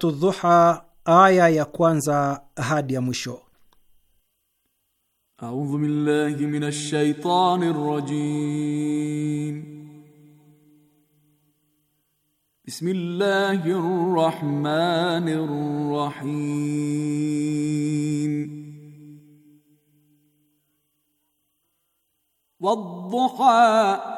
Suratu Dhuha aya ya kwanza hadi ya mwisho. A'udhu billahi minash shaitani rajim. Bismillahir rahmanir rahim. Wadduha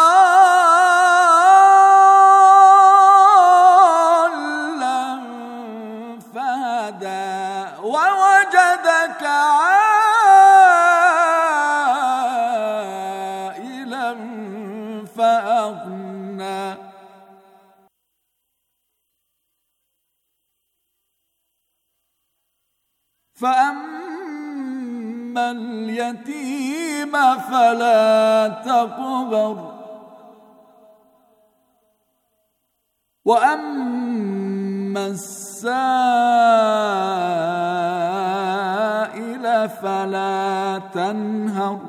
اليتيم فلا تقبر واما السائل فلا تنهر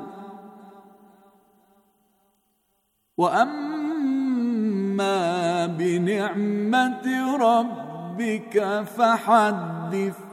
واما بنعمه ربك فحدث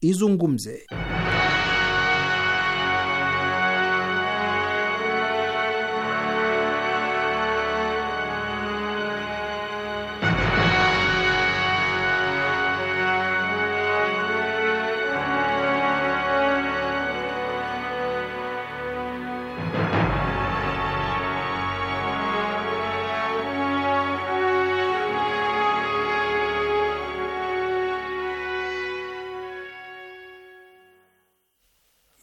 izungumze.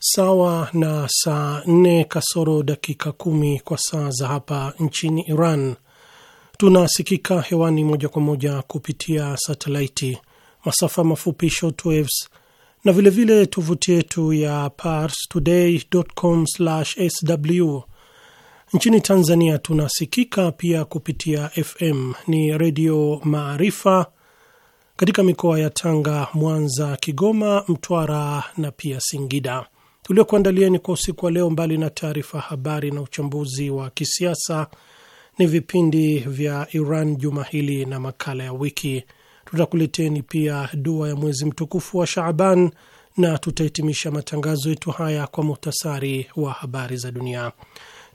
sawa na saa nne kasoro dakika kumi kwa saa za hapa nchini Iran. Tunasikika hewani moja kwa moja kupitia satelaiti, masafa mafupi shortwaves na vilevile tovuti yetu ya pars parstoday.com/sw. Nchini Tanzania tunasikika pia kupitia FM ni Redio Maarifa katika mikoa ya Tanga, Mwanza, Kigoma, Mtwara na pia Singida tuliokuandalieni kwa usiku wa leo, mbali na taarifa habari na uchambuzi wa kisiasa, ni vipindi vya Iran juma hili na makala ya wiki. Tutakuleteni pia dua ya mwezi mtukufu wa Shaaban na tutahitimisha matangazo yetu haya kwa muhtasari wa habari za dunia.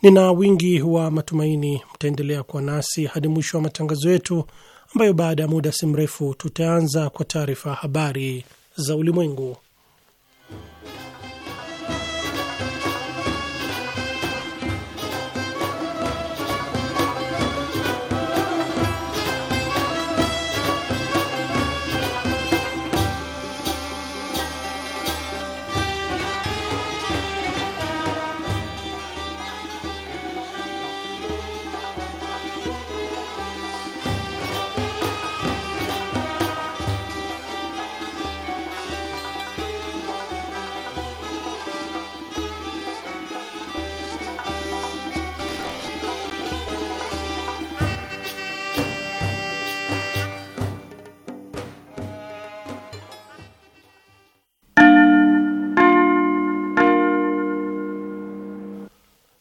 Nina wingi wa matumaini mtaendelea kuwa nasi hadi mwisho wa matangazo yetu, ambayo baada ya muda si mrefu tutaanza kwa taarifa habari za ulimwengu.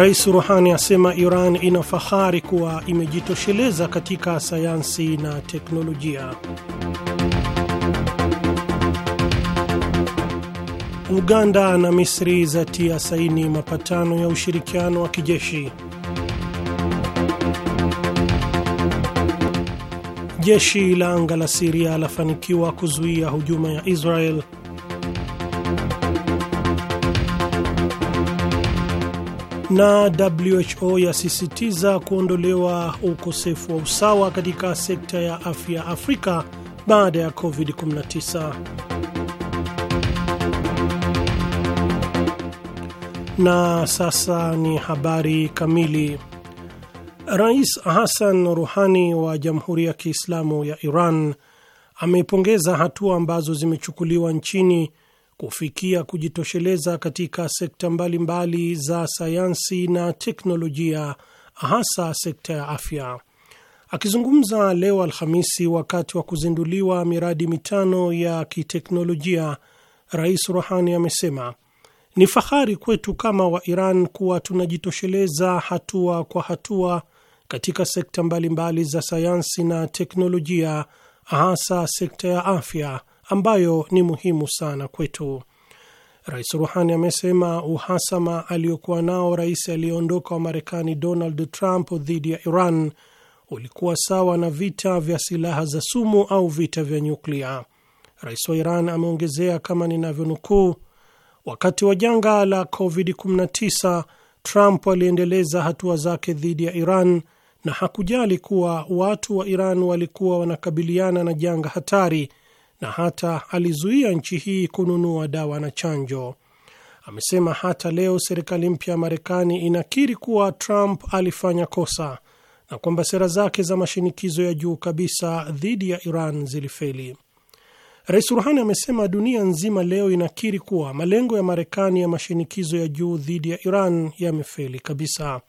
Rais Ruhani asema Iran ina fahari kuwa imejitosheleza katika sayansi na teknolojia. Uganda na Misri zatia saini mapatano ya ushirikiano wa kijeshi. Jeshi la anga la Siria lafanikiwa kuzuia hujuma ya Israel na WHO yasisitiza kuondolewa ukosefu wa usawa katika sekta ya afya Afrika baada ya COVID-19. Na sasa ni habari kamili. Rais Hassan Ruhani wa Jamhuri ya Kiislamu ya Iran ameipongeza hatua ambazo zimechukuliwa nchini kufikia kujitosheleza katika sekta mbalimbali mbali za sayansi na teknolojia, hasa sekta ya afya. Akizungumza leo Alhamisi wakati wa kuzinduliwa miradi mitano ya kiteknolojia, Rais rohani amesema ni fahari kwetu kama wa Iran kuwa tunajitosheleza hatua kwa hatua katika sekta mbalimbali mbali za sayansi na teknolojia, hasa sekta ya afya ambayo ni muhimu sana kwetu. Rais Ruhani amesema uhasama aliokuwa nao rais aliyeondoka wa Marekani Donald Trump dhidi ya Iran ulikuwa sawa na vita vya silaha za sumu au vita vya nyuklia. Rais wa Iran ameongezea kama ninavyonukuu, wakati wa janga la COVID-19 Trump aliendeleza hatua zake dhidi ya Iran na hakujali kuwa watu wa Iran walikuwa wanakabiliana na janga hatari na hata alizuia nchi hii kununua dawa na chanjo. Amesema hata leo serikali mpya ya Marekani inakiri kuwa Trump alifanya kosa na kwamba sera zake za mashinikizo ya juu kabisa dhidi ya Iran zilifeli. Rais Ruhani amesema dunia nzima leo inakiri kuwa malengo ya Marekani ya mashinikizo ya juu dhidi ya Iran yamefeli kabisa.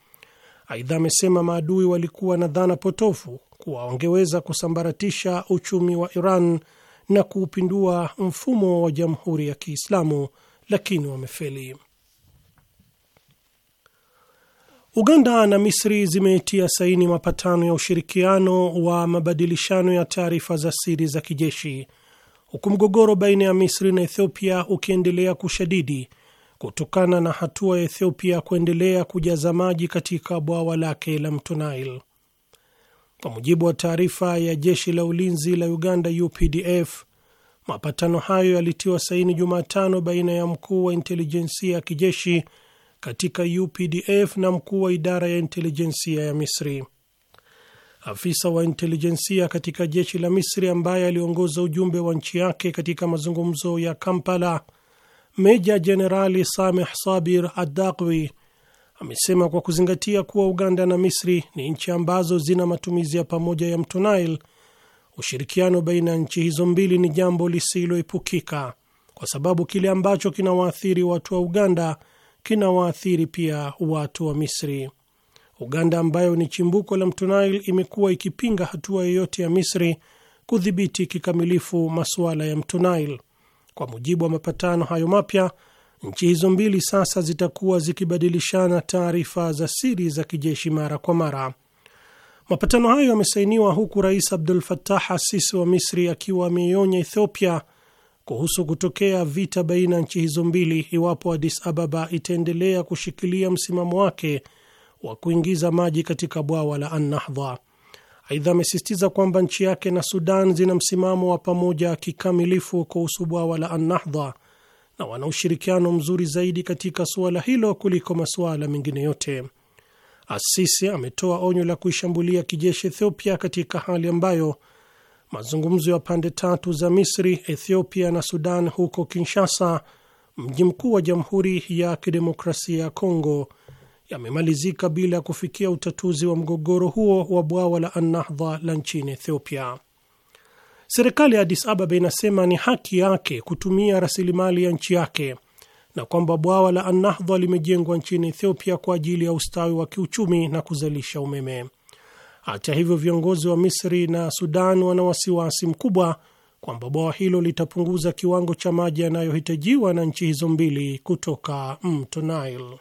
Aidha, amesema maadui walikuwa na dhana potofu kuwa wangeweza kusambaratisha uchumi wa Iran na kuupindua mfumo wa Jamhuri ya Kiislamu, lakini wamefeli. Uganda na Misri zimetia saini mapatano ya ushirikiano wa mabadilishano ya taarifa za siri za kijeshi, huku mgogoro baina ya Misri na Ethiopia ukiendelea kushadidi kutokana na hatua ya Ethiopia kuendelea kujaza maji katika bwawa lake la mto Nile. Kwa mujibu wa taarifa ya jeshi la ulinzi la Uganda, UPDF, mapatano hayo yalitiwa saini Jumatano baina ya mkuu wa intelijensia ya kijeshi katika UPDF na mkuu wa idara ya intelijensia ya Misri. Afisa wa intelijensia katika jeshi la Misri ambaye aliongoza ujumbe wa nchi yake katika mazungumzo ya Kampala, meja jenerali Sameh Sabir Adakwi amesema kwa kuzingatia kuwa Uganda na Misri ni nchi ambazo zina matumizi ya pamoja ya mto Nile, ushirikiano baina ya nchi hizo mbili ni jambo lisiloepukika, kwa sababu kile ambacho kinawaathiri watu wa Uganda kinawaathiri pia watu wa Misri. Uganda ambayo ni chimbuko la mto Nile imekuwa ikipinga hatua yoyote ya Misri kudhibiti kikamilifu masuala ya mto Nile. Kwa mujibu wa mapatano hayo mapya Nchi hizo mbili sasa zitakuwa zikibadilishana taarifa za siri za kijeshi mara kwa mara. Mapatano hayo yamesainiwa huku Rais Abdul fatah assisi wa Misri akiwa ameionya Ethiopia kuhusu kutokea vita baina ya nchi hizo mbili iwapo adis Ababa itaendelea kushikilia msimamo wake wa kuingiza maji katika bwawa la Annahdha. Aidha, amesisitiza kwamba nchi yake na Sudan zina msimamo wa pamoja kikamilifu kuhusu bwawa la Annahdha na wana ushirikiano mzuri zaidi katika suala hilo kuliko masuala mengine yote. Asisi ametoa onyo la kuishambulia kijeshi Ethiopia katika hali ambayo mazungumzo ya pande tatu za Misri, Ethiopia na Sudan huko Kinshasa, mji mkuu wa Jamhuri ya Kidemokrasia ya Kongo, yamemalizika bila ya kufikia utatuzi wa mgogoro huo wa bwawa la Annahdha la nchini Ethiopia. Serikali ya Addis Ababa inasema ni haki yake kutumia rasilimali ya nchi yake na kwamba bwawa la Annahdha limejengwa nchini Ethiopia kwa ajili ya ustawi wa kiuchumi na kuzalisha umeme. Hata hivyo, viongozi wa Misri na Sudan wana wasiwasi mkubwa kwamba bwawa hilo litapunguza kiwango cha maji yanayohitajiwa na nchi hizo mbili kutoka mto Nile.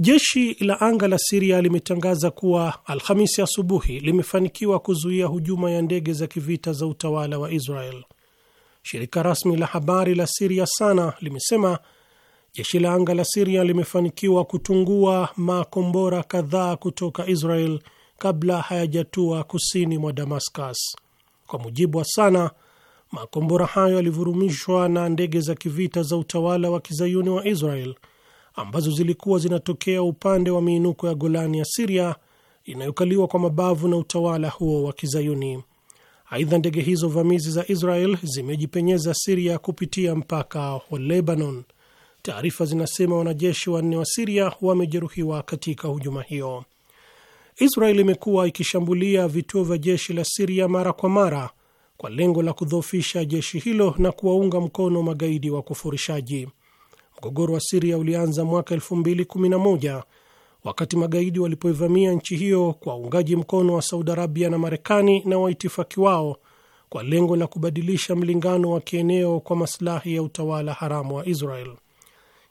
Jeshi la anga la Siria limetangaza kuwa Alhamisi asubuhi limefanikiwa kuzuia hujuma ya ndege za kivita za utawala wa Israel. Shirika rasmi la habari la Siria SANA limesema jeshi la anga la Siria limefanikiwa kutungua makombora kadhaa kutoka Israel kabla hayajatua kusini mwa Damascus. Kwa mujibu wa SANA, makombora hayo yalivurumishwa na ndege za kivita za utawala wa kizayuni wa Israel ambazo zilikuwa zinatokea upande wa miinuko ya Golani ya Siria inayokaliwa kwa mabavu na utawala huo wa Kizayuni. Aidha, ndege hizo vamizi za Israel zimejipenyeza Siria kupitia mpaka wa Lebanon. Taarifa zinasema wanajeshi wanne wa Siria wamejeruhiwa katika hujuma hiyo. Israel imekuwa ikishambulia vituo vya jeshi la Siria mara kwa mara kwa lengo la kudhoofisha jeshi hilo na kuwaunga mkono magaidi wa kufurishaji. Mgogoro wa Siria ulianza mwaka 2011 wakati magaidi walipoivamia nchi hiyo kwa uungaji mkono wa Saudi Arabia na Marekani na waitifaki wao kwa lengo la kubadilisha mlingano wa kieneo kwa maslahi ya utawala haramu wa Israel.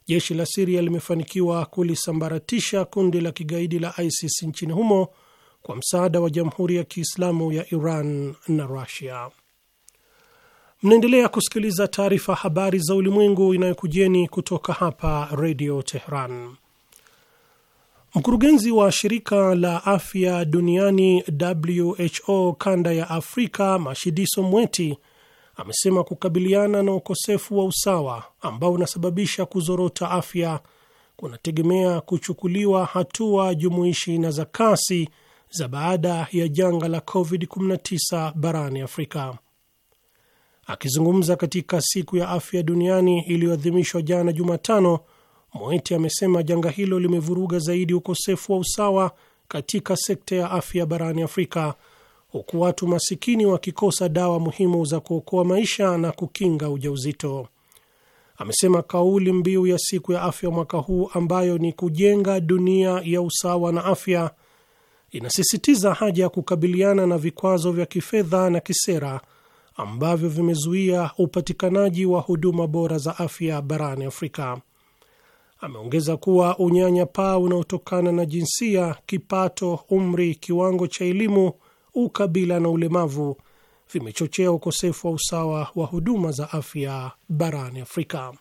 Jeshi la Siria limefanikiwa kulisambaratisha kundi la kigaidi la ISIS nchini humo kwa msaada wa Jamhuri ya Kiislamu ya Iran na Rusia. Mnaendelea kusikiliza taarifa habari za ulimwengu inayokujeni kutoka hapa redio Tehran. Mkurugenzi wa shirika la afya duniani WHO kanda ya Afrika Mashidiso Mweti amesema kukabiliana na ukosefu wa usawa ambao unasababisha kuzorota afya kunategemea kuchukuliwa hatua jumuishi na za kasi za baada ya janga la COVID-19 barani Afrika. Akizungumza katika siku ya afya duniani iliyoadhimishwa jana Jumatano, Moeti amesema janga hilo limevuruga zaidi ukosefu wa usawa katika sekta ya afya barani Afrika, huku watu masikini wakikosa dawa muhimu za kuokoa maisha na kukinga ujauzito. Amesema kauli mbiu ya siku ya afya mwaka huu ambayo ni kujenga dunia ya usawa na afya inasisitiza haja ya kukabiliana na vikwazo vya kifedha na kisera ambavyo vimezuia upatikanaji wa huduma bora za afya barani Afrika. Ameongeza kuwa unyanyapaa unaotokana na jinsia, kipato, umri, kiwango cha elimu, ukabila na ulemavu vimechochea ukosefu wa usawa wa huduma za afya barani Afrika.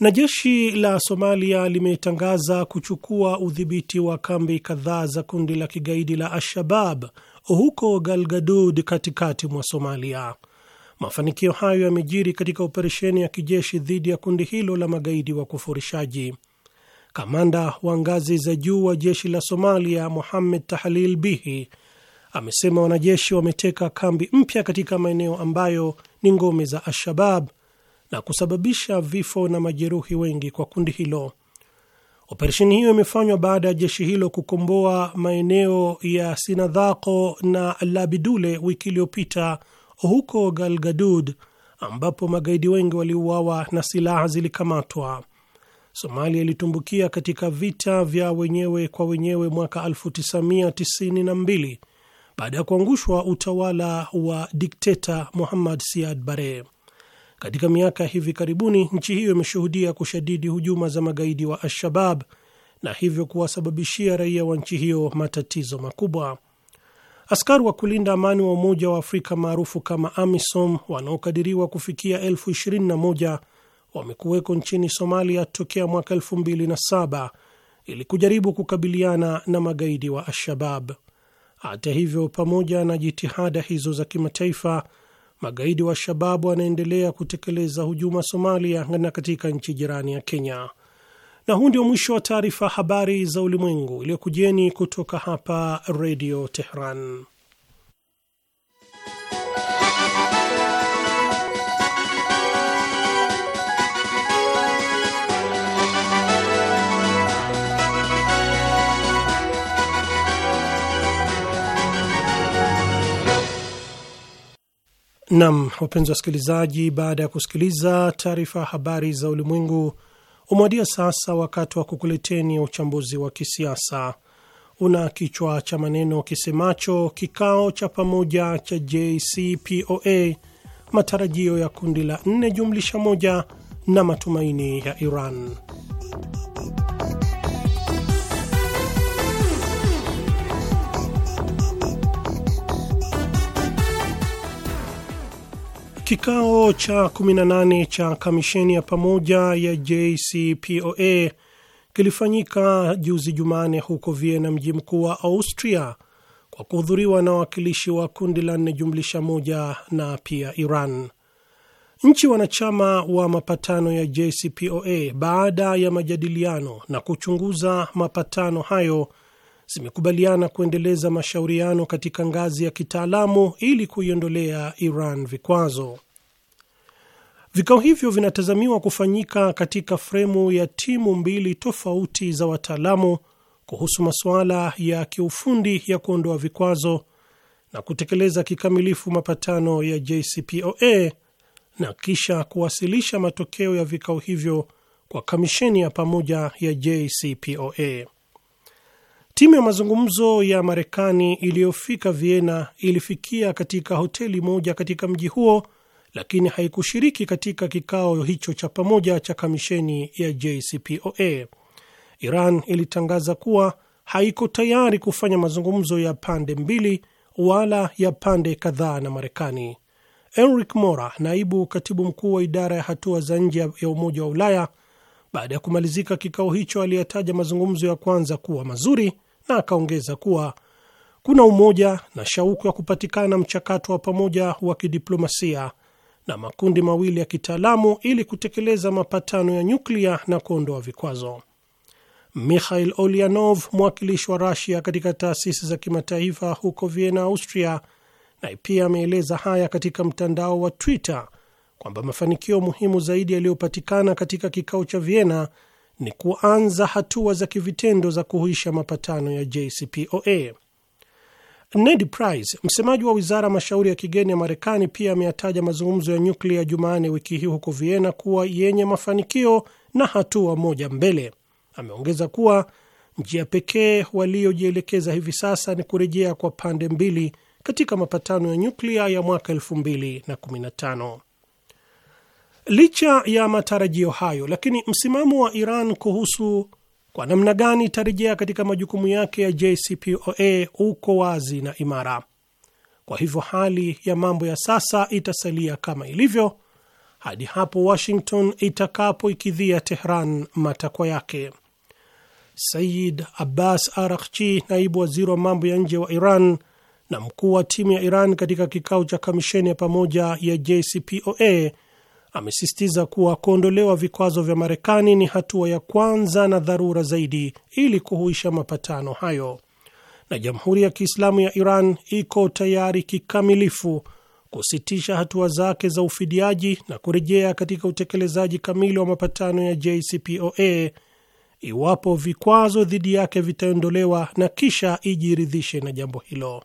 Na jeshi la Somalia limetangaza kuchukua udhibiti wa kambi kadhaa za kundi la kigaidi la Al-Shabab huko Galgadud katikati mwa Somalia. Mafanikio hayo yamejiri katika operesheni ya kijeshi dhidi ya kundi hilo la magaidi wa kufurishaji. Kamanda wa ngazi za juu wa jeshi la Somalia muhammed Tahlil Bihi amesema wanajeshi wameteka kambi mpya katika maeneo ambayo ni ngome za Al-Shabab na kusababisha vifo na majeruhi wengi kwa kundi hilo. Operesheni hiyo imefanywa baada ya jeshi hilo kukomboa maeneo ya Sinadhako na Labidule wiki iliyopita huko Galgadud, ambapo magaidi wengi waliuawa na silaha zilikamatwa. Somalia ilitumbukia katika vita vya wenyewe kwa wenyewe mwaka 1992 baada ya kuangushwa utawala wa dikteta Muhammad Siad Barre. Katika miaka ya hivi karibuni, nchi hiyo imeshuhudia kushadidi hujuma za magaidi wa Al-Shabab na hivyo kuwasababishia raia wa nchi hiyo matatizo makubwa. Askari wa kulinda amani wa Umoja wa Afrika maarufu kama AMISOM wanaokadiriwa kufikia elfu ishirini na moja wamekuweko nchini Somalia tokea mwaka elfu mbili na saba ili kujaribu kukabiliana na magaidi wa Alshabab. Hata hivyo, pamoja na jitihada hizo za kimataifa, magaidi wa Shabab wanaendelea kutekeleza hujuma Somalia na katika nchi jirani ya Kenya. Na huu ndio mwisho wa taarifa habari za ulimwengu iliyokujeni kutoka hapa Redio Tehran. Nam, wapenzi wasikilizaji, baada ya kusikiliza taarifa habari za ulimwengu, umewadia sasa wakati wa kukuleteni uchambuzi wa kisiasa una kichwa cha maneno kisemacho kikao cha pamoja cha JCPOA, matarajio ya kundi la nne jumlisha moja na matumaini ya Iran. Kikao cha 18 cha kamisheni ya pamoja ya JCPOA kilifanyika juzi Jumane huko Vienna, mji mkuu wa Austria, kwa kuhudhuriwa na wawakilishi wa kundi la nne jumlisha moja na pia Iran. Nchi wanachama wa mapatano ya JCPOA, baada ya majadiliano na kuchunguza mapatano hayo zimekubaliana kuendeleza mashauriano katika ngazi ya kitaalamu ili kuiondolea Iran vikwazo. Vikao hivyo vinatazamiwa kufanyika katika fremu ya timu mbili tofauti za wataalamu kuhusu masuala ya kiufundi ya kuondoa vikwazo na kutekeleza kikamilifu mapatano ya JCPOA na kisha kuwasilisha matokeo ya vikao hivyo kwa kamisheni ya pamoja ya JCPOA. Timu ya mazungumzo ya Marekani iliyofika Vienna ilifikia katika hoteli moja katika mji huo, lakini haikushiriki katika kikao hicho cha pamoja cha kamisheni ya JCPOA. Iran ilitangaza kuwa haiko tayari kufanya mazungumzo ya pande mbili wala ya pande kadhaa na Marekani. Enric Mora, naibu katibu mkuu wa idara ya hatua za nje ya Umoja wa Ulaya, baada ya kumalizika kikao hicho aliyataja mazungumzo ya kwanza kuwa mazuri na akaongeza kuwa kuna umoja na shauku ya kupatikana mchakato wa pamoja wa kidiplomasia na makundi mawili ya kitaalamu ili kutekeleza mapatano ya nyuklia na kuondoa vikwazo. Mikhail Olianov, mwakilishi wa Rasia katika taasisi za kimataifa huko Vienna, Austria, naye pia ameeleza haya katika mtandao wa Twitter kwamba mafanikio muhimu zaidi yaliyopatikana katika kikao cha Vienna ni kuanza hatua za kivitendo za kuhuisha mapatano ya JCPOA. Ned Price, msemaji wa wizara mashauri ya kigeni ya Marekani, pia ameyataja mazungumzo ya nyuklia Jumanne wiki hii huko Vienna kuwa yenye mafanikio na hatua moja mbele. Ameongeza kuwa njia pekee waliojielekeza hivi sasa ni kurejea kwa pande mbili katika mapatano ya nyuklia ya mwaka 215 Licha ya matarajio hayo, lakini msimamo wa Iran kuhusu kwa namna gani itarejea katika majukumu yake ya JCPOA uko wazi na imara. Kwa hivyo hali ya mambo ya sasa itasalia kama ilivyo hadi hapo Washington itakapoikidhia Tehran matakwa yake. Sayid Abbas Arakchi, naibu waziri wa mambo ya nje wa Iran na mkuu wa timu ya Iran katika kikao cha kamisheni ya pamoja ya JCPOA amesisitiza kuwa kuondolewa vikwazo vya Marekani ni hatua ya kwanza na dharura zaidi ili kuhuisha mapatano hayo, na Jamhuri ya Kiislamu ya Iran iko tayari kikamilifu kusitisha hatua zake za ufidiaji na kurejea katika utekelezaji kamili wa mapatano ya JCPOA iwapo vikwazo dhidi yake vitaondolewa na kisha ijiridhishe na jambo hilo.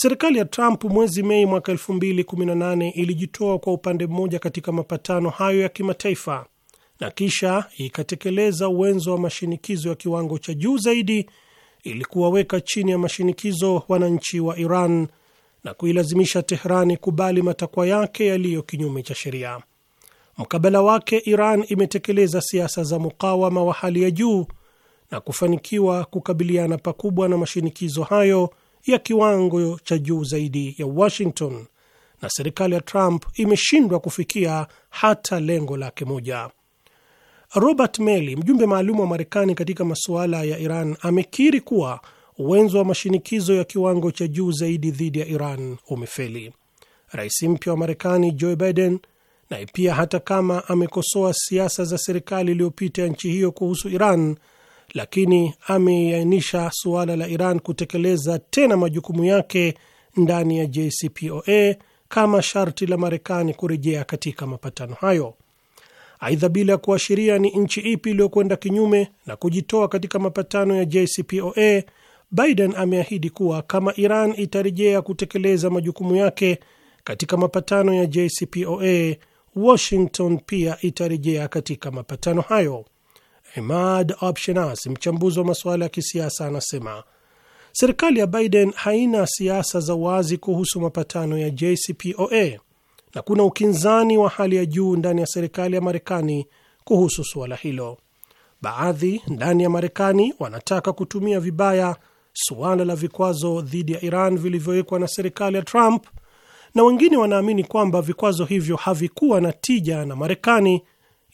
Serikali ya Trump mwezi Mei mwaka 2018 ilijitoa kwa upande mmoja katika mapatano hayo ya kimataifa na kisha ikatekeleza uwenzo wa mashinikizo ya kiwango cha juu zaidi ili kuwaweka chini ya mashinikizo wananchi wa Iran na kuilazimisha Teherani kubali matakwa yake yaliyo kinyume cha sheria. Mkabala wake, Iran imetekeleza siasa za mukawama wa hali ya juu na kufanikiwa kukabiliana pakubwa na mashinikizo hayo ya kiwango cha juu zaidi ya Washington, na serikali ya Trump imeshindwa kufikia hata lengo lake moja. Robert Malley, mjumbe maalum wa Marekani katika masuala ya Iran, amekiri kuwa uwenzo wa mashinikizo ya kiwango cha juu zaidi dhidi ya Iran umefeli. Rais mpya wa Marekani Joe Biden naye pia, hata kama amekosoa siasa za serikali iliyopita ya nchi hiyo kuhusu Iran, lakini ameainisha suala la Iran kutekeleza tena majukumu yake ndani ya JCPOA kama sharti la Marekani kurejea katika mapatano hayo. Aidha, bila ya kuashiria ni nchi ipi iliyokwenda kinyume na kujitoa katika mapatano ya JCPOA, Biden ameahidi kuwa kama Iran itarejea kutekeleza majukumu yake katika mapatano ya JCPOA, Washington pia itarejea katika mapatano hayo. Imad Abshenas, mchambuzi wa masuala ya kisiasa, anasema serikali ya Biden haina siasa za wazi kuhusu mapatano ya JCPOA na kuna ukinzani wa hali ya juu ndani ya serikali ya Marekani kuhusu suala hilo. Baadhi ndani ya Marekani wanataka kutumia vibaya suala la vikwazo dhidi ya Iran vilivyowekwa na serikali ya Trump, na wengine wanaamini kwamba vikwazo hivyo havikuwa na tija na Marekani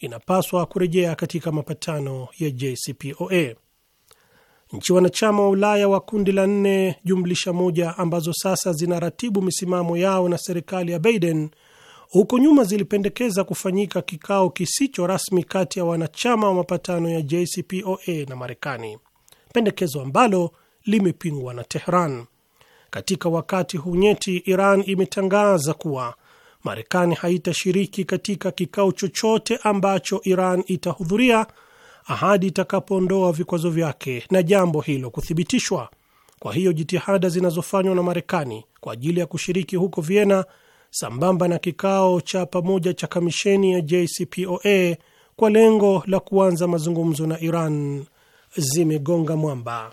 inapaswa kurejea katika mapatano ya JCPOA. Nchi wanachama wa Ulaya wa kundi la nne jumlisha moja ambazo sasa zinaratibu misimamo yao na serikali ya Biden huko nyuma zilipendekeza kufanyika kikao kisicho rasmi kati ya wanachama wa mapatano ya JCPOA na Marekani, pendekezo ambalo limepingwa na Tehran. Katika wakati huu nyeti, Iran imetangaza kuwa Marekani haitashiriki katika kikao chochote ambacho Iran itahudhuria ahadi itakapoondoa vikwazo vyake na jambo hilo kuthibitishwa. Kwa hiyo jitihada zinazofanywa na Marekani kwa ajili ya kushiriki huko Vienna sambamba na kikao cha pamoja cha kamisheni ya JCPOA kwa lengo la kuanza mazungumzo na Iran zimegonga mwamba.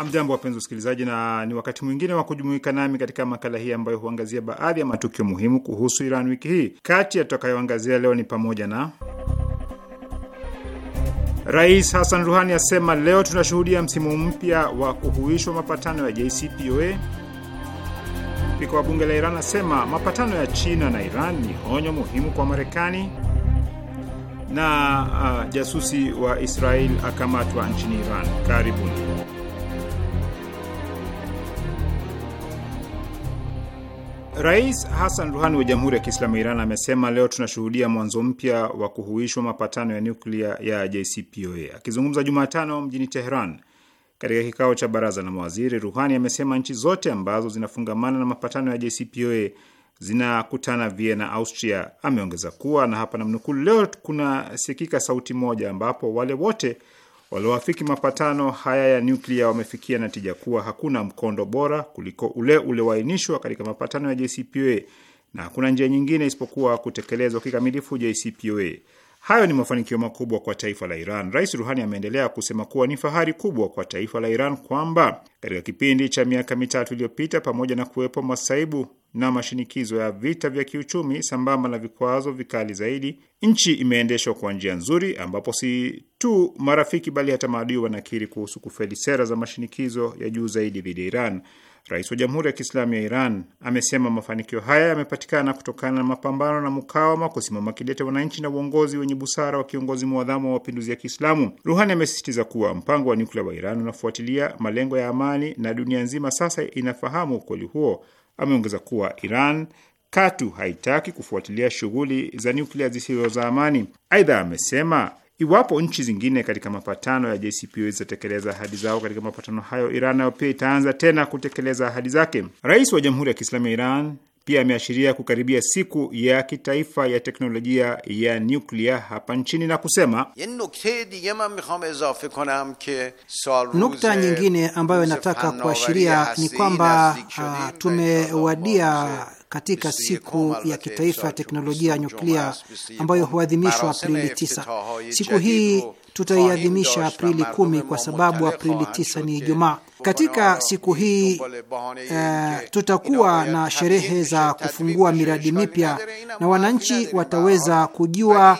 Hamjambo, wapenzi wasikilizaji, na ni wakati mwingine wa kujumuika nami katika makala hii ambayo huangazia baadhi ya matukio muhimu kuhusu Iran wiki hii. Kati ya tutakayoangazia leo ni pamoja na Rais Hassan Ruhani asema leo tunashuhudia msimu mpya wa kuhuishwa mapatano ya JCPOA. Spika wa bunge la Iran asema mapatano ya China na Iran ni onyo muhimu kwa Marekani, na uh, jasusi wa Israel akamatwa nchini Iran. Karibuni. Rais Hassan Ruhani wa Jamhuri ya Kiislamu ya Iran amesema leo tunashuhudia mwanzo mpya wa kuhuishwa mapatano ya nyuklia ya JCPOA. Akizungumza Jumatano mjini Teheran katika kikao cha baraza la mawaziri, Ruhani amesema nchi zote ambazo zinafungamana na mapatano ya JCPOA zinakutana Vienna, Austria. Ameongeza kuwa na hapa namnukuu, leo kunasikika sauti moja ambapo wale wote walioafiki mapatano haya ya nyuklia wamefikia natija kuwa hakuna mkondo bora kuliko ule ulioainishwa katika mapatano ya JCPOA na hakuna njia nyingine isipokuwa kutekelezwa kikamilifu JCPOA. Hayo ni mafanikio makubwa kwa taifa la Iran. Rais Ruhani ameendelea kusema kuwa ni fahari kubwa kwa taifa la Iran kwamba katika kipindi cha miaka mitatu iliyopita, pamoja na kuwepo masaibu na mashinikizo ya vita vya kiuchumi sambamba na vikwazo vikali zaidi, nchi imeendeshwa kwa njia nzuri, ambapo si tu marafiki bali hata maadui wanakiri kuhusu kufeli sera za mashinikizo ya juu zaidi dhidi ya Iran. Rais wa Jamhuri ya Kiislamu ya Iran amesema mafanikio haya yamepatikana kutokana na mapambano na mukawama, kusimama kidete wananchi na uongozi wenye busara wa kiongozi mwadhamu wa mapinduzi ya Kiislamu. Ruhani amesisitiza kuwa mpango wa nyuklia wa Iran unafuatilia malengo ya amani na dunia nzima sasa inafahamu ukweli huo. Ameongeza kuwa Iran katu haitaki kufuatilia shughuli za nyuklia zisizo za amani. Aidha amesema Iwapo nchi zingine katika mapatano ya JCPOA zitatekeleza ahadi zao katika mapatano hayo, Iran nayo pia itaanza tena kutekeleza ahadi zake. Rais wa Jamhuri ya Kiislamu ya Iran pia ameashiria kukaribia siku ya kitaifa ya teknolojia ya nyuklia hapa nchini na kusema, nukta nyingine ambayo nataka kuashiria ni kwamba ah, tumewadia katika siku ya kitaifa ya teknolojia ya nyuklia ambayo huadhimishwa Aprili 9. Siku hii tutaiadhimisha Aprili 10 kwa sababu Aprili 9 ni Ijumaa. Katika siku hii uh, tutakuwa na sherehe za kufungua miradi mipya na wananchi wataweza kujua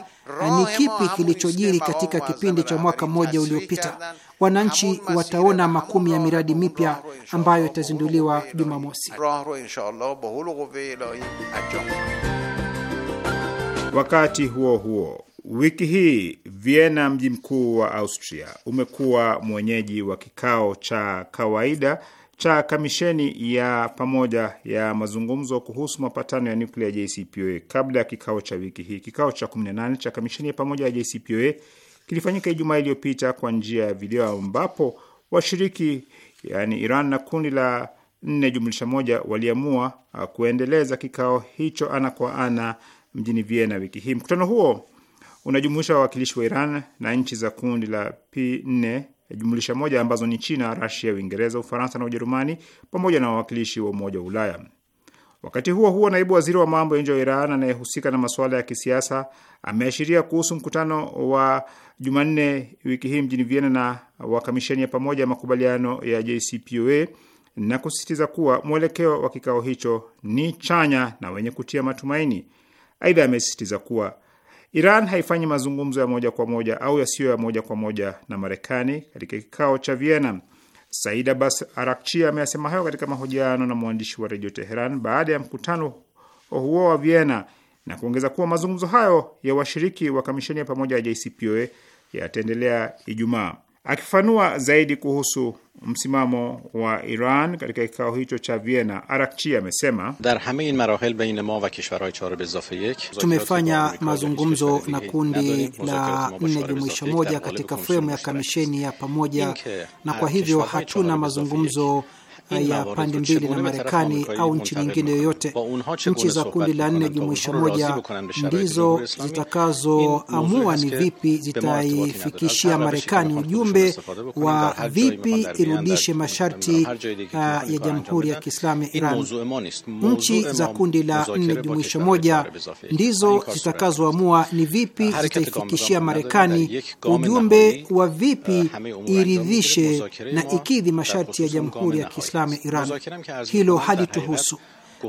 ni kipi kilichojiri katika kipindi cha mwaka mmoja uliopita wananchi wataona makumi ya miradi mipya ambayo itazinduliwa Jumamosi. Wakati huo huo, wiki hii Vienna, mji mkuu wa Austria, umekuwa mwenyeji wa kikao cha kawaida cha kamisheni ya pamoja ya mazungumzo kuhusu mapatano ya nuklia JCPOA. Kabla ya kikao cha wiki hii, kikao cha 18 cha kamisheni ya pamoja ya JCPOA kilifanyika Ijumaa iliyopita kwa njia ya video ambapo washiriki yani Iran na kundi la nne jumlisha moja waliamua uh, kuendeleza kikao hicho ana kwa ana mjini Vienna wiki hii. Mkutano huo unajumuisha wawakilishi wa Iran na nchi za kundi la P4 jumlisha moja ambazo ni China, Rasia, Uingereza, Ufaransa na Ujerumani pamoja na wawakilishi wa Umoja wa Ulaya. Wakati huo huo, naibu waziri wa mambo ya nje wa Iran anayehusika na masuala ya kisiasa ameashiria kuhusu mkutano wa Jumanne wiki hii mjini Vienna na wa kamisheni ya pamoja ya makubaliano ya JCPOA na kusisitiza kuwa mwelekeo wa kikao hicho ni chanya na wenye kutia matumaini. Aidha, amesisitiza kuwa Iran haifanyi mazungumzo ya moja kwa moja au yasiyo ya moja kwa moja na Marekani katika kikao cha Vienna. Said Abbas Arakchi ameyasema hayo katika mahojiano na mwandishi wa redio Teheran baada ya mkutano huo wa Vienna na kuongeza kuwa mazungumzo hayo ya washiriki wa kamisheni ya pamoja ya JCPOA yataendelea Ijumaa. Akifanua zaidi kuhusu msimamo wa Iran katika kikao hicho cha Vienna, Arakchi amesema tumefanya mazungumzo na kundi la nne jumuisho moja katika fremu ya kamisheni ya pamoja, na kwa uh, hivyo hatuna mazungumzo ya pande mbili na Marekani au nchi nyingine yoyote. Nchi za kundi la nne jumuisha moja ndizo zitakazoamua ni vipi zitaifikishia Marekani ujumbe wa vipi irudishe masharti ya Jamhuri ya Kiislamu ya Iran. Nchi za kundi la nne jumuisha moja ndizo zitakazoamua ni vipi zitaifikishia Marekani ujumbe wa vipi iridhishe na ikidhi masharti ya Jamhuri ya Kiislamu Kiislamu ya Iran. Hilo halituhusu.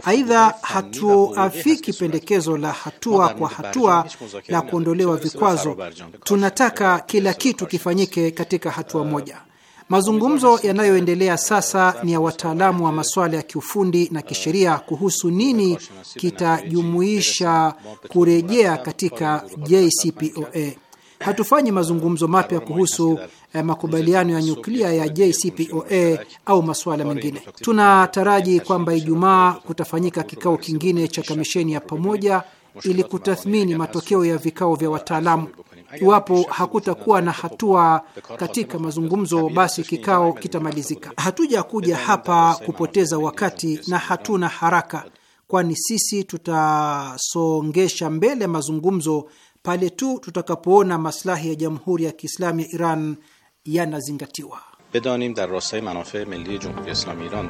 Aidha, hatuafiki pendekezo la hatua kwa hatua la kuondolewa vikwazo. Tunataka kila kitu kifanyike katika hatua uh, moja. Mazungumzo yanayoendelea uh, sasa ni ya wataalamu wa uh, masuala ya kiufundi na kisheria kuhusu nini kitajumuisha kurejea katika JCPOA hatufanyi mazungumzo mapya kuhusu eh, makubaliano ya nyuklia ya JCPOA au masuala mengine. Tunataraji kwamba Ijumaa kutafanyika kikao kingine cha kamisheni ya pamoja ili kutathmini matokeo ya vikao vya wataalamu. Iwapo hakutakuwa na hatua katika mazungumzo, basi kikao kitamalizika. Hatuja kuja hapa kupoteza wakati na hatuna haraka, kwani sisi tutasongesha mbele mazungumzo pale tu tutakapoona maslahi ya Jamhuri ya Kiislamu ya Iran yanazingatiwa. bedanim dar rostay manafe milli jumhuri islami iran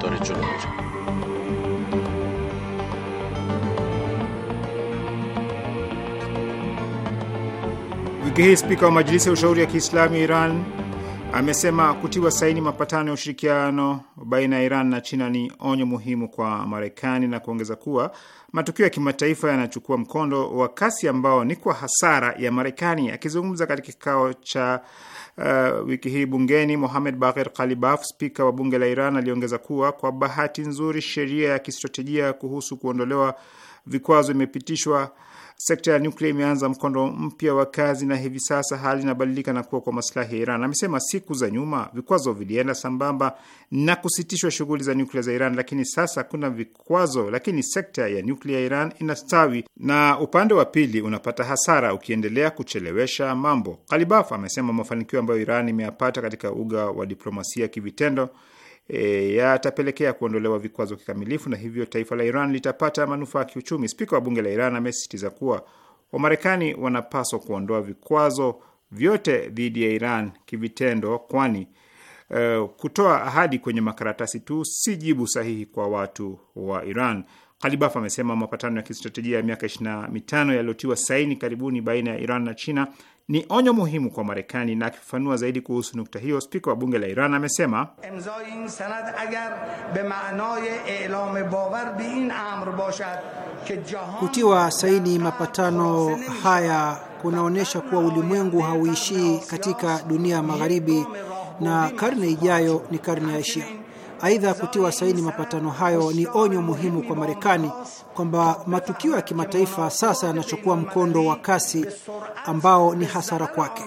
dore jol Wiki hii spika wa majilisi ya ushauri ya Kiislamu ya Iran amesema kutiwa saini mapatano ya ushirikiano baina ya Iran na China ni onyo muhimu kwa Marekani na kuongeza kuwa matukio ya kimataifa yanachukua mkondo wa kasi ambao ni kwa hasara ya Marekani. Akizungumza katika kikao cha uh, wiki hii bungeni, Mohamed Bagher Kalibaf, spika wa bunge la Iran, aliongeza kuwa kwa bahati nzuri sheria ya kistratejia kuhusu kuondolewa vikwazo imepitishwa sekta ya nyuklia imeanza mkondo mpya wa kazi na hivi sasa hali inabadilika na kuwa kwa masilahi ya Iran. Amesema siku za nyuma vikwazo vilienda sambamba na kusitishwa shughuli za nyuklia za Iran, lakini sasa kuna vikwazo, lakini sekta ya nyuklia ya Iran inastawi na upande wa pili unapata hasara ukiendelea kuchelewesha mambo. Kalibaf amesema mafanikio ambayo Iran imeyapata katika uga wa diplomasia kivitendo e, yatapelekea kuondolewa vikwazo kikamilifu na hivyo taifa la Iran litapata manufaa ya kiuchumi. Spika wa bunge la Iran amesisitiza kuwa Wamarekani wanapaswa kuondoa vikwazo vyote dhidi ya Iran kivitendo, kwani uh, kutoa ahadi kwenye makaratasi tu si jibu sahihi kwa watu wa Iran. Kalibaf amesema mapatano ya kistratejia ya miaka 25 yaliyotiwa saini karibuni baina ya Iran na China ni onyo muhimu kwa Marekani. Na akifafanua zaidi kuhusu nukta hiyo, spika wa bunge la Iran amesema kutiwa saini mapatano haya kunaonyesha kuwa ulimwengu hauishii katika dunia ya magharibi na karne ijayo ni karne ya Asia. Aidha, kutiwa saini mapatano hayo ni onyo muhimu kwa Marekani kwamba matukio ya kimataifa sasa yanachukua mkondo wa kasi ambao ni hasara kwake.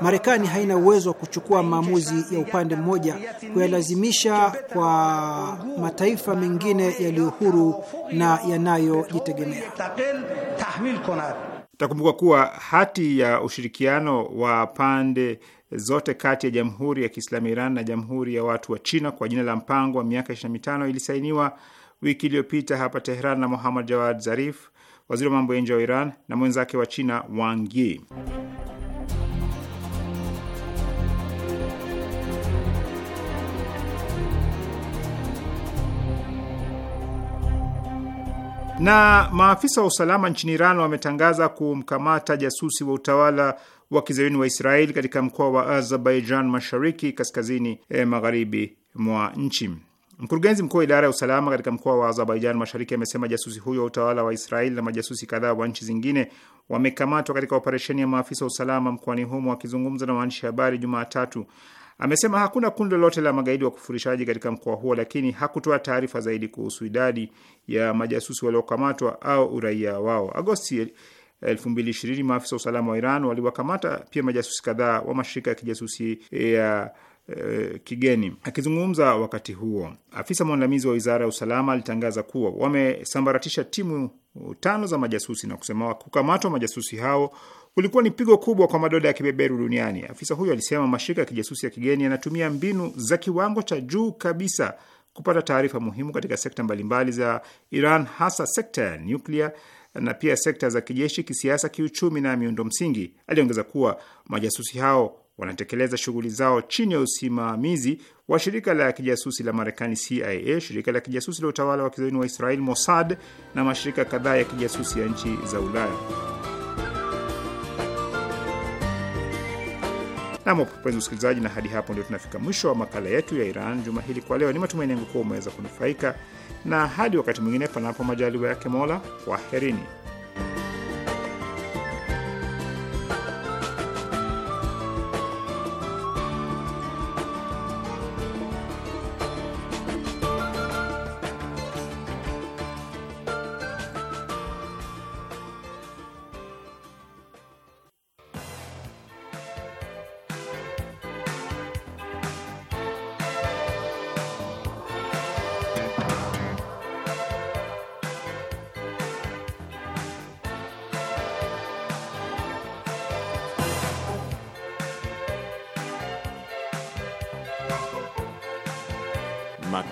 Marekani haina uwezo wa kuchukua maamuzi ya upande mmoja, kuyalazimisha kwa mataifa mengine yaliyo huru na yanayojitegemea. Takumbuka kuwa hati ya ushirikiano wa pande zote kati ya Jamhuri ya Kiislamu Iran na Jamhuri ya Watu wa China kwa jina la mpango wa miaka 25 ilisainiwa wiki iliyopita hapa Tehran na Muhammad Jawad Zarif, waziri wa mambo ya nje wa Iran, na mwenzake wa China Wang Yi. Na maafisa wa usalama nchini Iran wametangaza kumkamata jasusi wa utawala wa kizayuni wa Israeli katika mkoa wa Azerbaijan Mashariki, kaskazini eh, magharibi mwa nchi. Mkurugenzi mkuu wa idara ya usalama katika mkoa wa Azerbaijan Mashariki amesema jasusi huyo wa utawala wa Israeli na majasusi kadhaa wa nchi zingine wamekamatwa katika operesheni ya maafisa wa usalama mkoani humo. Akizungumza na waandishi habari Jumatatu, amesema hakuna kundi lolote la magaidi wa kufurishaji katika mkoa huo, lakini hakutoa taarifa zaidi kuhusu idadi ya majasusi waliokamatwa au uraia wao. Agosti 2020 maafisa wa usalama wa Iran waliwakamata pia majasusi kadhaa wa mashirika ya kijasusi ya e, kigeni. Akizungumza wakati huo, afisa mwandamizi wa wizara ya usalama alitangaza kuwa wamesambaratisha timu tano za majasusi na kusema kukamatwa majasusi hao kulikuwa ni pigo kubwa kwa madola ya kibeberu duniani. Afisa huyo alisema mashirika ya kijasusi ya kigeni yanatumia mbinu za kiwango cha juu kabisa kupata taarifa muhimu katika sekta mbalimbali za Iran, hasa sekta ya nyuklia na pia sekta za kijeshi, kisiasa, kiuchumi na miundo msingi. Aliongeza kuwa majasusi hao wanatekeleza shughuli zao chini ya usimamizi wa shirika la kijasusi la Marekani CIA, shirika la kijasusi la utawala wa kizayuni wa Israel Mossad na mashirika kadhaa ya kijasusi ya nchi za Ulaya. Nam, wapenzi usikilizaji, na hadi hapo ndio tunafika mwisho wa makala yetu ya Iran juma hili kwa leo. Ni matumaini yangu kuwa umeweza kunufaika, na hadi wakati mwingine, panapo majaliwa yake Mola, kwaherini.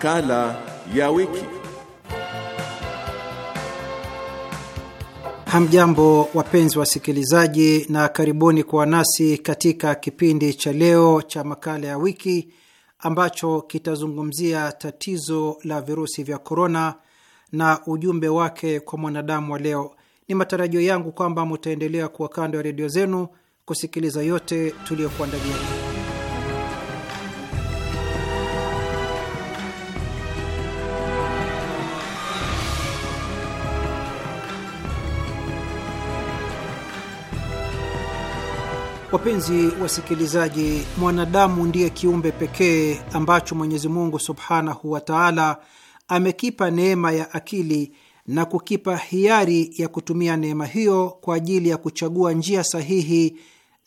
Makala ya wiki. Hamjambo, wapenzi wasikilizaji, na karibuni kuwa nasi katika kipindi cha leo cha makala ya wiki ambacho kitazungumzia tatizo la virusi vya korona na ujumbe wake kwa mwanadamu wa leo. Ni matarajio yangu kwamba mutaendelea kuwa kando ya redio zenu kusikiliza yote tuliyokuandalia. Wapenzi wasikilizaji, mwanadamu ndiye kiumbe pekee ambacho Mwenyezi Mungu subhanahu wa taala amekipa neema ya akili na kukipa hiari ya kutumia neema hiyo kwa ajili ya kuchagua njia sahihi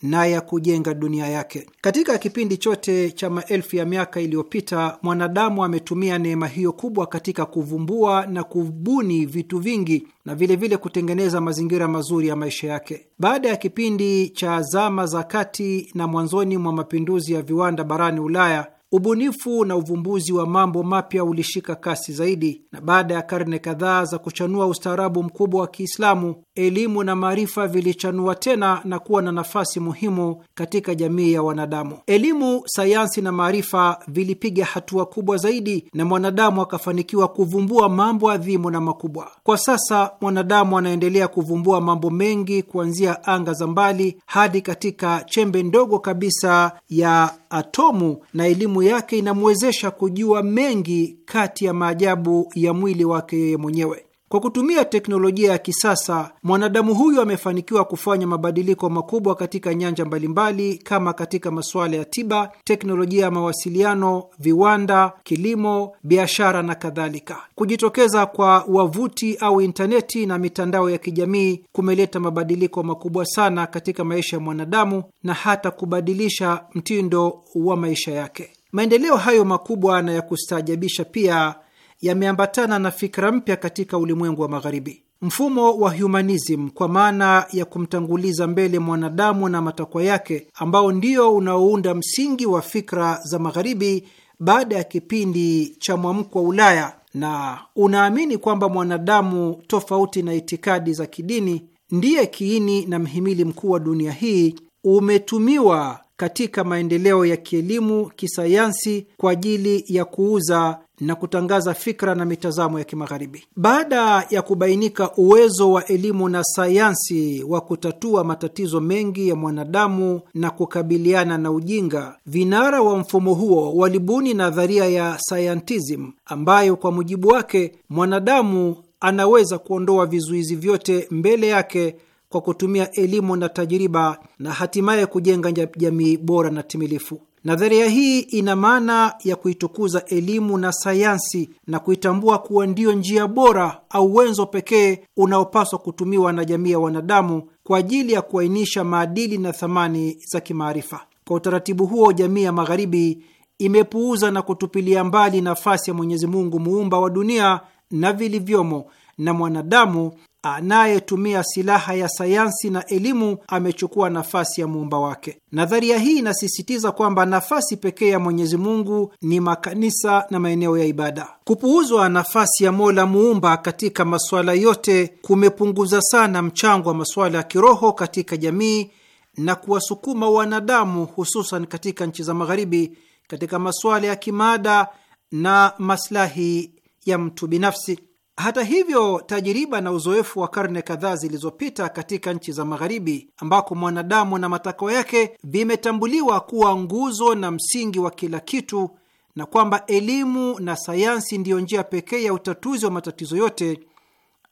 na ya kujenga dunia yake. Katika kipindi chote cha maelfu ya miaka iliyopita, mwanadamu ametumia neema hiyo kubwa katika kuvumbua na kubuni vitu vingi na vilevile vile kutengeneza mazingira mazuri ya maisha yake. Baada ya kipindi cha zama za kati na mwanzoni mwa mapinduzi ya viwanda barani Ulaya, ubunifu na uvumbuzi wa mambo mapya ulishika kasi zaidi, na baada ya karne kadhaa za kuchanua ustaarabu mkubwa wa Kiislamu, elimu na maarifa vilichanua tena na kuwa na nafasi muhimu katika jamii ya wanadamu. Elimu, sayansi na maarifa vilipiga hatua kubwa zaidi, na mwanadamu akafanikiwa kuvumbua mambo adhimu na makubwa. Kwa sasa mwanadamu anaendelea kuvumbua mambo mengi, kuanzia anga za mbali hadi katika chembe ndogo kabisa ya atomu na elimu yake inamwezesha kujua mengi kati ya maajabu ya mwili wake yeye mwenyewe. Kwa kutumia teknolojia ya kisasa, mwanadamu huyu amefanikiwa kufanya mabadiliko makubwa katika nyanja mbalimbali kama katika masuala ya tiba, teknolojia ya mawasiliano, viwanda, kilimo, biashara na kadhalika. Kujitokeza kwa wavuti au intaneti na mitandao ya kijamii kumeleta mabadiliko makubwa sana katika maisha ya mwanadamu na hata kubadilisha mtindo wa maisha yake. Maendeleo hayo makubwa na ya kustaajabisha pia yameambatana na fikra mpya katika ulimwengu wa Magharibi. Mfumo wa humanism kwa maana ya kumtanguliza mbele mwanadamu na matakwa yake, ambao ndio unaounda msingi wa fikra za Magharibi baada ya kipindi cha mwamko wa Ulaya, na unaamini kwamba mwanadamu, tofauti na itikadi za kidini, ndiye kiini na mhimili mkuu wa dunia hii, umetumiwa katika maendeleo ya kielimu, kisayansi kwa ajili ya kuuza na kutangaza fikra na mitazamo ya Kimagharibi. Baada ya kubainika uwezo wa elimu na sayansi wa kutatua matatizo mengi ya mwanadamu na kukabiliana na ujinga, vinara wa mfumo huo walibuni nadharia ya scientism, ambayo kwa mujibu wake mwanadamu anaweza kuondoa vizuizi vyote mbele yake kwa kutumia elimu na tajiriba na hatimaye kujenga jamii bora na timilifu. Nadharia hii ina maana ya kuitukuza elimu na sayansi na kuitambua kuwa ndiyo njia bora au wenzo pekee unaopaswa kutumiwa na jamii ya wanadamu kwa ajili ya kuainisha maadili na thamani za kimaarifa. Kwa utaratibu huo, jamii ya Magharibi imepuuza na kutupilia mbali nafasi ya Mwenyezi Mungu muumba wa dunia na vilivyomo na mwanadamu anayetumia silaha ya sayansi na elimu amechukua nafasi ya muumba wake. Nadharia hii inasisitiza kwamba nafasi pekee ya Mwenyezi Mungu ni makanisa na maeneo ya ibada. Kupuuzwa nafasi ya Mola muumba katika masuala yote kumepunguza sana mchango wa masuala ya kiroho katika jamii na kuwasukuma wanadamu, hususan katika nchi za Magharibi, katika masuala ya kimaada na maslahi ya mtu binafsi. Hata hivyo, tajiriba na uzoefu wa karne kadhaa zilizopita katika nchi za Magharibi, ambako mwanadamu na matakwa yake vimetambuliwa kuwa nguzo na msingi wa kila kitu na kwamba elimu na sayansi ndiyo njia pekee ya utatuzi wa matatizo yote,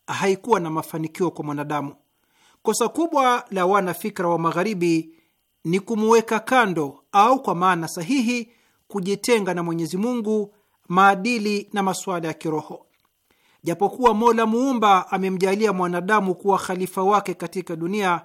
haikuwa na mafanikio kwa mwanadamu. Kosa kubwa la wanafikra wa Magharibi ni kumuweka kando au kwa maana sahihi, kujitenga na Mwenyezi Mungu, maadili na masuala ya kiroho. Japokuwa Mola muumba amemjalia mwanadamu kuwa khalifa wake katika dunia,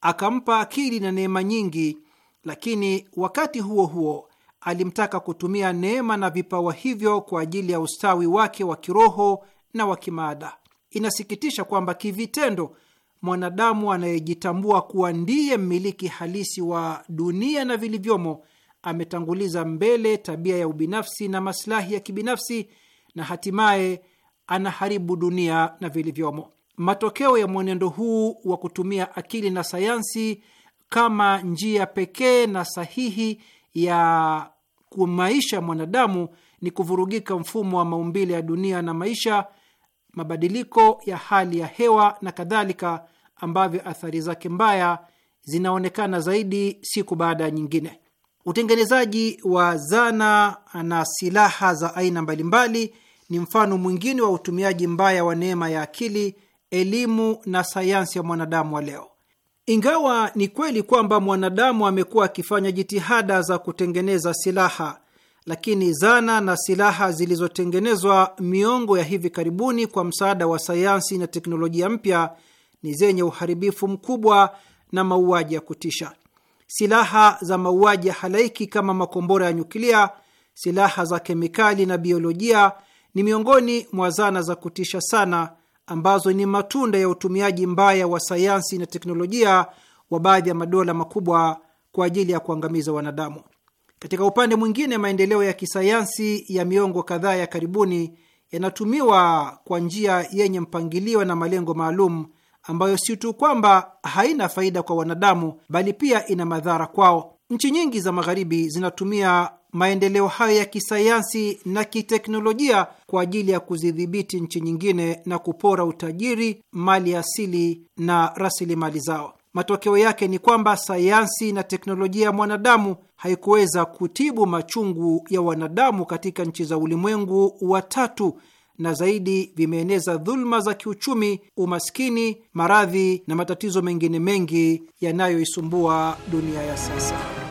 akampa akili na neema nyingi, lakini wakati huo huo alimtaka kutumia neema na vipawa hivyo kwa ajili ya ustawi wake wa kiroho na wa kimaada. Inasikitisha kwamba kivitendo mwanadamu anayejitambua kuwa ndiye mmiliki halisi wa dunia na vilivyomo ametanguliza mbele tabia ya ubinafsi na masilahi ya kibinafsi na hatimaye anaharibu dunia na vilivyomo. Matokeo ya mwenendo huu wa kutumia akili na sayansi kama njia pekee na sahihi ya kumaisha mwanadamu ni kuvurugika mfumo wa maumbile ya dunia na maisha, mabadiliko ya hali ya hewa na kadhalika, ambavyo athari zake mbaya zinaonekana zaidi siku baada ya nyingine. Utengenezaji wa zana na silaha za aina mbalimbali ni mfano mwingine wa utumiaji mbaya wa neema ya akili, elimu na sayansi ya mwanadamu wa leo. Ingawa ni kweli kwamba mwanadamu amekuwa akifanya jitihada za kutengeneza silaha, lakini zana na silaha zilizotengenezwa miongo ya hivi karibuni kwa msaada wa sayansi na teknolojia mpya ni zenye uharibifu mkubwa na mauaji ya kutisha. Silaha za mauaji ya halaiki kama makombora ya nyuklia, silaha za kemikali na biolojia ni miongoni mwa zana za kutisha sana ambazo ni matunda ya utumiaji mbaya wa sayansi na teknolojia wa baadhi ya madola makubwa kwa ajili ya kuangamiza wanadamu. Katika upande mwingine, maendeleo ya kisayansi ya miongo kadhaa ya karibuni yanatumiwa kwa njia yenye mpangilio na malengo maalum ambayo si tu kwamba haina faida kwa wanadamu, bali pia ina madhara kwao. Nchi nyingi za Magharibi zinatumia maendeleo hayo ya kisayansi na kiteknolojia kwa ajili ya kuzidhibiti nchi nyingine na kupora utajiri, mali asili na rasilimali zao. Matokeo yake ni kwamba sayansi na teknolojia ya mwanadamu haikuweza kutibu machungu ya wanadamu katika nchi za ulimwengu wa tatu, na zaidi vimeeneza dhuluma za kiuchumi, umaskini, maradhi na matatizo mengine mengi yanayoisumbua dunia ya sasa.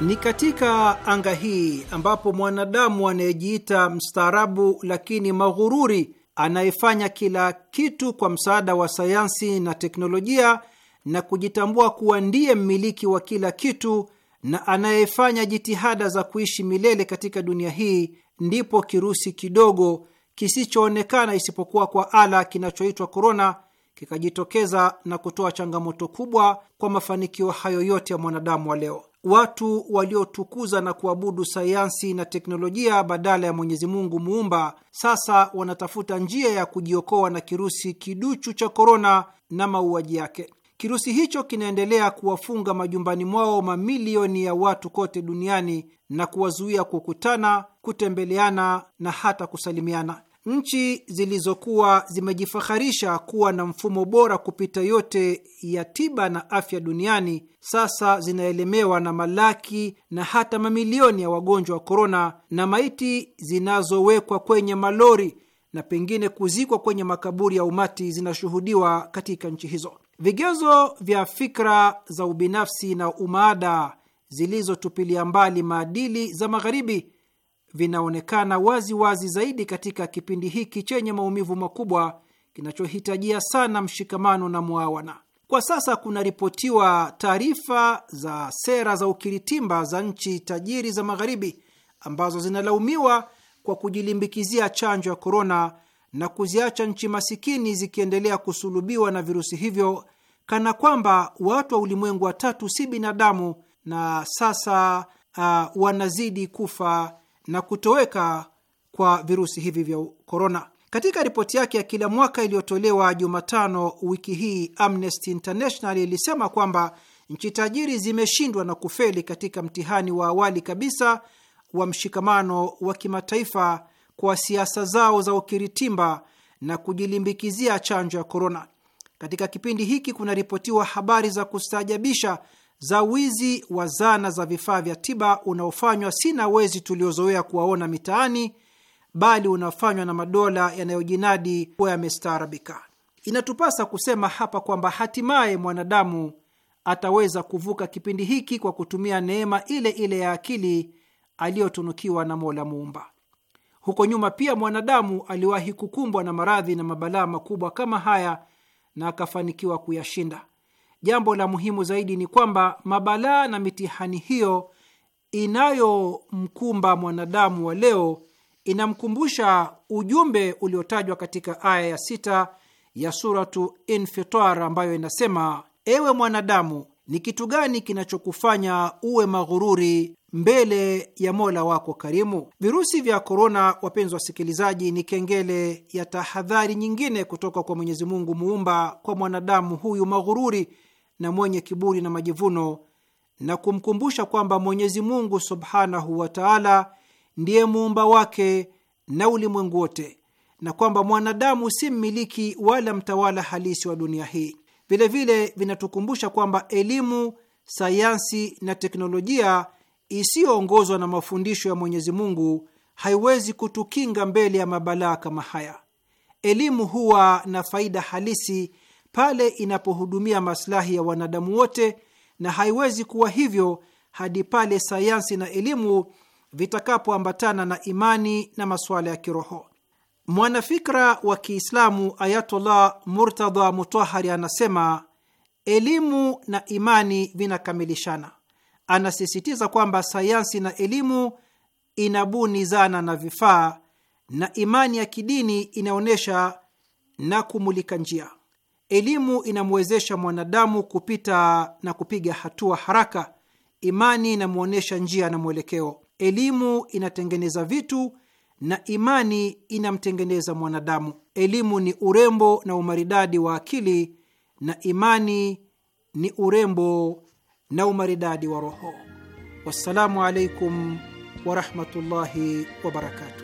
Ni katika anga hii ambapo mwanadamu anayejiita mstaarabu lakini maghururi, anayefanya kila kitu kwa msaada wa sayansi na teknolojia na kujitambua kuwa ndiye mmiliki wa kila kitu na anayefanya jitihada za kuishi milele katika dunia hii, ndipo kirusi kidogo kisichoonekana isipokuwa kwa ala kinachoitwa korona kikajitokeza na kutoa changamoto kubwa kwa mafanikio hayo yote ya mwanadamu wa leo watu waliotukuza na kuabudu sayansi na teknolojia badala ya Mwenyezi Mungu muumba sasa wanatafuta njia ya kujiokoa na kirusi kiduchu cha korona na mauaji yake. Kirusi hicho kinaendelea kuwafunga majumbani mwao mamilioni ya watu kote duniani na kuwazuia kukutana, kutembeleana na hata kusalimiana nchi zilizokuwa zimejifaharisha kuwa na mfumo bora kupita yote ya tiba na afya duniani sasa zinaelemewa na malaki na hata mamilioni ya wagonjwa wa korona na maiti zinazowekwa kwenye malori na pengine kuzikwa kwenye makaburi ya umati zinashuhudiwa katika nchi hizo. Vigezo vya fikra za ubinafsi na umaada zilizotupilia mbali maadili za Magharibi vinaonekana wazi wazi zaidi katika kipindi hiki chenye maumivu makubwa kinachohitajia sana mshikamano na mwawana. Kwa sasa kunaripotiwa taarifa za sera za ukiritimba za nchi tajiri za Magharibi ambazo zinalaumiwa kwa kujilimbikizia chanjo ya korona na kuziacha nchi masikini zikiendelea kusulubiwa na virusi hivyo, kana kwamba watu wa ulimwengu wa tatu si binadamu, na sasa uh, wanazidi kufa na kutoweka kwa virusi hivi vya korona. Katika ripoti yake ya kila mwaka iliyotolewa Jumatano wiki hii, Amnesty International ilisema kwamba nchi tajiri zimeshindwa na kufeli katika mtihani wa awali kabisa wa mshikamano wa kimataifa kwa siasa zao za ukiritimba na kujilimbikizia chanjo ya korona. Katika kipindi hiki kunaripotiwa habari za kustaajabisha za wizi wa zana za vifaa vya tiba unaofanywa si na wezi tuliozoea kuwaona mitaani, bali unafanywa na madola yanayojinadi kuwa yamestaarabika. Inatupasa kusema hapa kwamba hatimaye mwanadamu ataweza kuvuka kipindi hiki kwa kutumia neema ile ile ya akili aliyotunukiwa na Mola Muumba. Huko nyuma pia mwanadamu aliwahi kukumbwa na maradhi na mabalaa makubwa kama haya na akafanikiwa kuyashinda. Jambo la muhimu zaidi ni kwamba mabalaa na mitihani hiyo inayomkumba mwanadamu wa leo inamkumbusha ujumbe uliotajwa katika aya ya sita ya Suratu Infitar ambayo inasema: ewe mwanadamu, ni kitu gani kinachokufanya uwe maghururi mbele ya Mola wako karimu? Virusi vya korona, wapenzi wasikilizaji, ni kengele ya tahadhari nyingine kutoka kwa Mwenyezi Mungu muumba kwa mwanadamu huyu maghururi na mwenye kiburi na majivuno na kumkumbusha kwamba Mwenyezi Mungu subhanahu wa taala ndiye muumba wake na ulimwengu wote na kwamba mwanadamu si mmiliki wala mtawala halisi wa dunia hii. Vilevile vinatukumbusha kwamba elimu, sayansi na teknolojia isiyoongozwa na mafundisho ya Mwenyezi Mungu haiwezi kutukinga mbele ya mabalaa kama haya. Elimu huwa na faida halisi pale inapohudumia maslahi ya wanadamu wote, na haiwezi kuwa hivyo hadi pale sayansi na elimu vitakapoambatana na imani na masuala ya kiroho. Mwanafikra wa Kiislamu Ayatullah Murtadha Mutahari anasema elimu na imani vinakamilishana. Anasisitiza kwamba sayansi na elimu inabuni zana na vifaa, na imani ya kidini inaonyesha na kumulika njia. Elimu inamwezesha mwanadamu kupita na kupiga hatua haraka. Imani inamwonyesha njia na mwelekeo. Elimu inatengeneza vitu na imani inamtengeneza mwanadamu. Elimu ni urembo na umaridadi wa akili na imani ni urembo na umaridadi wa roho. Wassalamu alaikum warahmatullahi wabarakatu.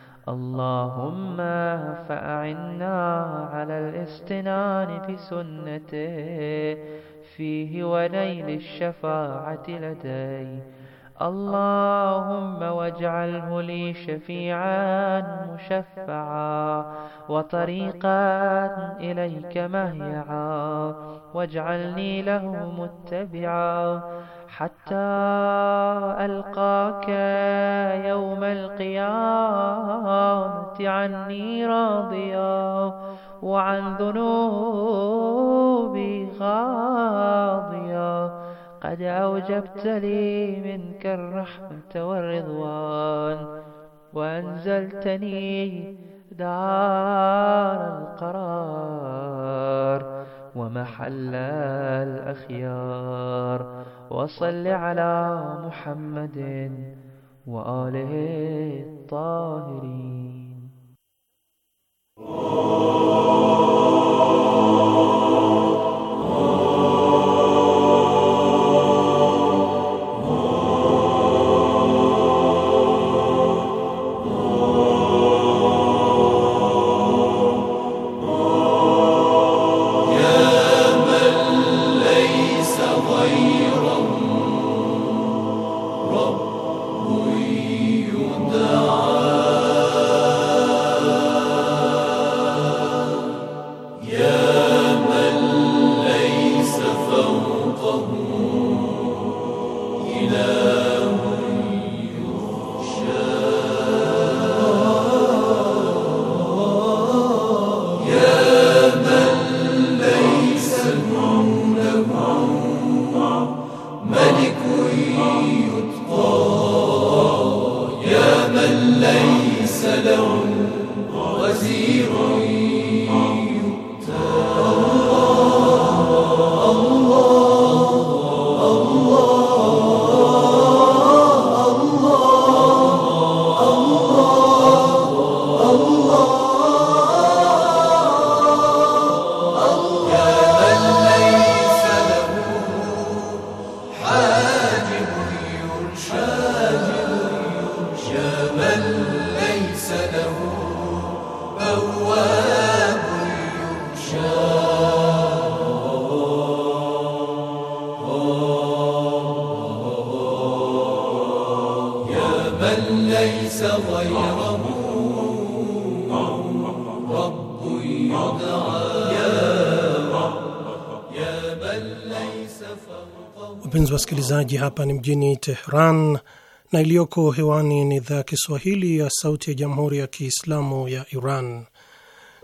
اللهم فأعنا على الاستنان بسنته فيه ونيل الشفاعة لديه اللهم واجعله لي شفيعا مشفعا وطريقا إليك مهيعا واجعلني له متبعا حتى ألقاك يوم القيامة عني راضيا وعن ذنوبي غاضيا قد أوجبت لي منك الرحمة والرضوان وأنزلتني دار القرار ومحل الأخيار وصل على محمد وآله الطاهرين msikilizaji, hapa ni mjini Tehran na iliyoko hewani ni idhaa ya Kiswahili ya Sauti ya Jamhuri ya Kiislamu ya Iran.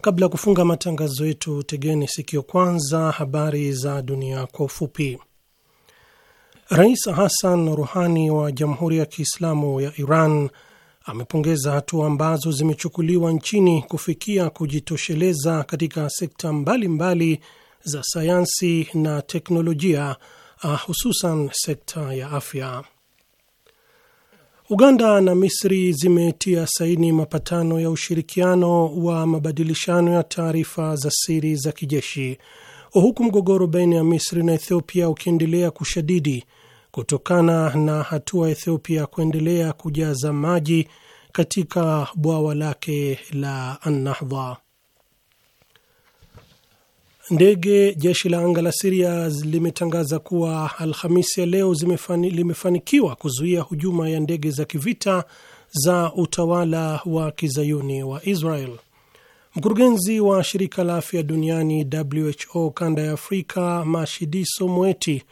Kabla ya kufunga matangazo yetu, tegeni sikio kwanza habari za dunia kwa ufupi. Rais Hassan Ruhani wa Jamhuri ya Kiislamu ya Iran amepongeza hatua ambazo zimechukuliwa nchini kufikia kujitosheleza katika sekta mbalimbali mbali za sayansi na teknolojia uh, hususan sekta ya afya. Uganda na Misri zimetia saini mapatano ya ushirikiano wa mabadilishano ya taarifa za siri za kijeshi, huku mgogoro baina ya Misri na Ethiopia ukiendelea kushadidi kutokana na hatua ya Ethiopia kuendelea kujaza maji katika bwawa lake la Annahdha. Ndege jeshi la anga la Siria limetangaza kuwa Alhamisi ya leo zimefani, limefanikiwa kuzuia hujuma ya ndege za kivita za utawala wa kizayuni wa Israel. Mkurugenzi wa shirika la afya duniani WHO kanda ya Afrika, Mashidiso mweti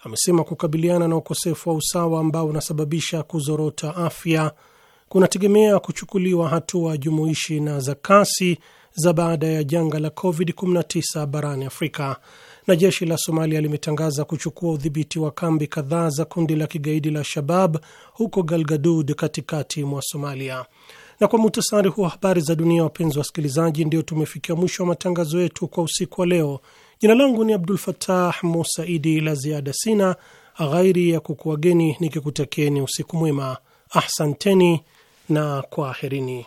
amesema kukabiliana na ukosefu wa usawa ambao unasababisha kuzorota afya kunategemea kuchukuliwa hatua jumuishi na za kasi za baada ya janga la COVID-19 barani Afrika. Na jeshi la Somalia limetangaza kuchukua udhibiti wa kambi kadhaa za kundi la kigaidi la Shabab huko Galgadud, katikati mwa Somalia. Na kwa muhtasari huwa habari za dunia, wapenzi wa wasikilizaji, ndio tumefikia mwisho wa matangazo yetu kwa usiku wa leo. Jina langu ni Abdul Fatah Musaidi. La ziada sina ghairi ya kukuwageni nikikutakieni usiku mwema. Ahsanteni na kwaherini.